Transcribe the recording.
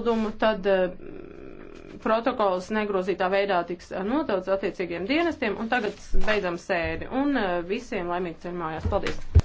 atpildumu, tad eh, protokols negrozītā veidā tiks eh, nodots attiecīgiem dienestiem, un tagad beidzam sēdi, un eh, visiem laimīgi ceļ mājās. Paldies!